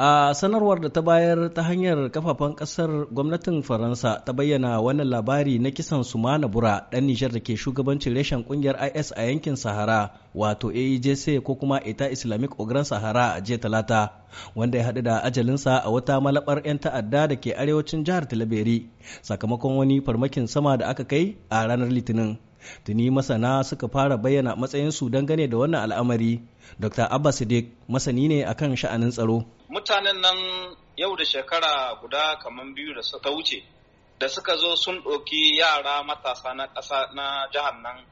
A sanarwar da ta bayar ta hanyar kafafen kasar gwamnatin Faransa ta bayyana wannan labari na kisan Sumana Bura ɗan Nijar da ke shugabancin reshen kungiyar IS a yankin Sahara wato AEJC ko kuma Ita Islamic Ogran Sahara a jiya talata wanda ya haɗu da ajalinsa a wata malabar 'yan ta'adda da ke arewacin jihar Talaberi sakamakon wani farmakin sama da aka kai a ranar Litinin. tuni masana suka fara bayyana matsayinsu dangane da wannan al'amari dr abba sadiq masani ne akan sha'anin tsaro mutanen nan yau da shekara guda kamar biyu da suka wuce da suka zo sun ɗauki yara matasa na ƙasa na jihar nan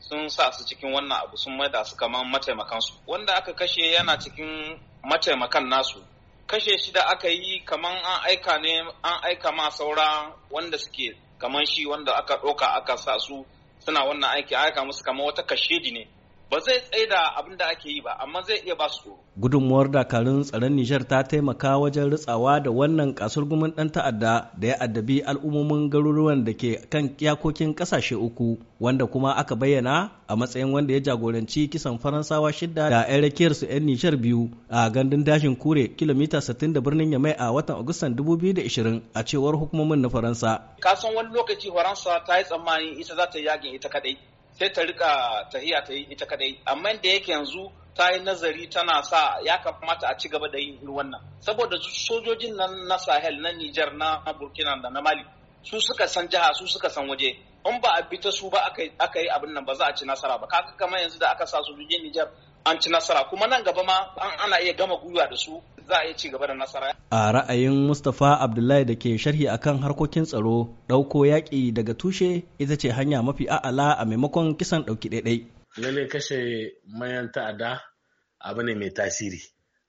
sun sa su cikin wannan abu sun maida su kamar mataimakansu wanda aka kashe yana cikin mataimakan nasu kashe shi da aka yi kamar an aika ne an aika ma saura wanda suke kamar shi wanda aka ɗauka aka sa su suna wannan aiki aika musu kamar wata kashedi ne ba zai tsaida abin da ake yi ba amma zai iya ba su tsoro. gudunmuwar dakarun tsaron nijar ta taimaka wajen ritsawa da wannan kasar gumin dan ta'adda da ya addabi al'ummomin garuruwan da ke kan iyakokin kasashe uku wanda kuma aka bayyana a matsayin wanda ya jagoranci kisan faransawa shidda da yan rakiyar su yan nijar biyu a gandun dashin kure kilomita 60 da birnin yamai a watan agustan 2020 a cewar hukumomin na faransa kasan wani lokaci faransa ta yi tsammani ita za ta yi yakin ita kadai sai ta rika tahiya ta yi ita kadai amma da yake yanzu ta yi nazari tana sa ya kamata a ci gaba da yin wannan saboda sojojin nan na sahel na niger na burkina da na mali su suka san jiha su suka san waje in ba a bi ta su ba aka yi abin nan ba za a ci nasara ba kaka kamar yanzu da aka sa su jirgin Nijar an ci nasara kuma nan gaba ma an ana iya gama gwiwa da su za a iya ci gaba da nasara. A ra'ayin Mustapha Abdullahi da ke sharhi akan harkokin tsaro ɗauko yaƙi daga tushe ita ce hanya mafi a'ala a maimakon kisan ɗauki ɗaiɗai. Lallai kashe mayan ta'adda abu ne mai tasiri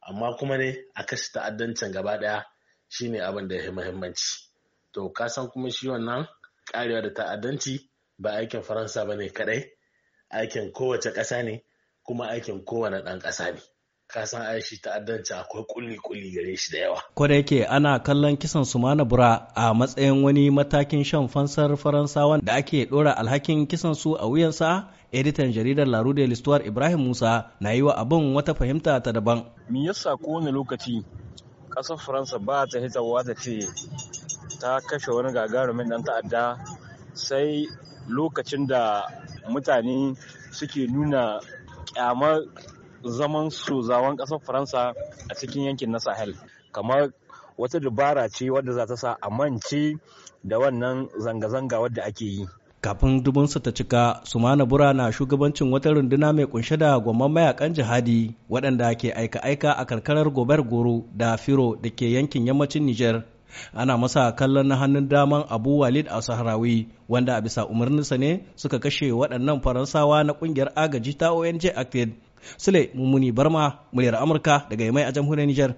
amma kuma ne a kashe ta'addancin gaba ɗaya shine abin da ya muhimmanci. To kasan kuma shi wannan karewa da ta'addanci ba aikin faransa ba ne kadai aikin kowace ƙasa ne kuma aikin kowane ɗan ƙasa ne ka san ai ta'addanci akwai kulli kulli gare shi da yawa ko da yake ana kallon kisan su Mana bura a matsayin wani matakin shan fansar faransawan da ake dora alhakin kisan su a wuyansa editan jaridar Larude de ibrahim musa na yi wa abin wata fahimta ta daban me yasa kowane lokaci ƙasar faransa ba ta hitawa ta ce ta kashe wani gagarumin dan ta'adda sai lokacin da mutane suke nuna kyamar zaman su zawon ƙasar faransa a cikin yankin na sahel kamar wata dubara ce wadda za ta sa a mance da wannan zanga-zanga wadda ake yi kafin dubunsa ta cika sumana bura na shugabancin wata runduna mai kunshe da gwamman mayakan jihadi waɗanda ke aika-aika a karkarar gobar goro da firo da ke yankin yammacin niger ana masa kallon na hannun daman abu walid a sahrawi wanda a bisa umarninsa ne suka kashe waɗannan faransawa na ƙungiyar agaji ta ong acted sule mummuni barma muryar amurka daga yamai a jamhuriyar niger